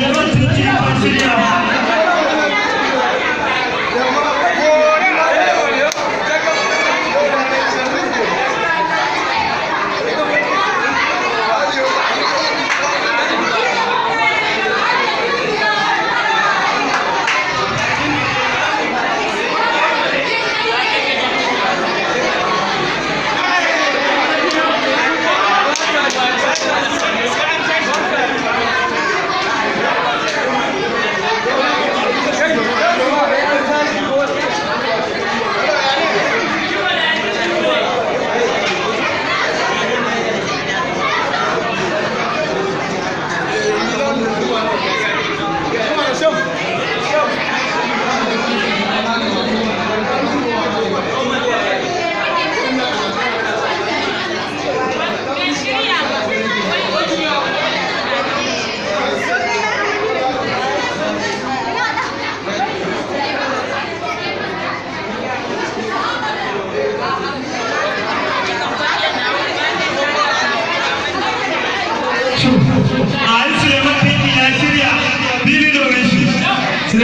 Спасибо.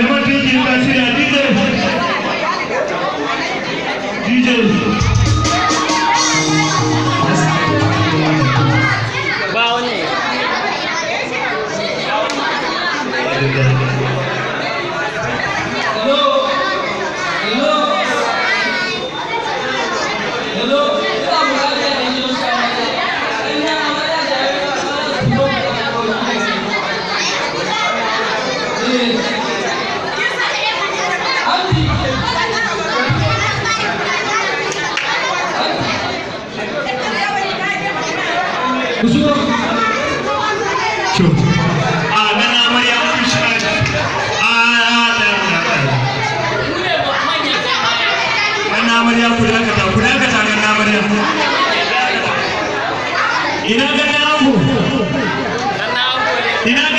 never take you consider DJ. DJ. ku zo to a kun a ku ina ga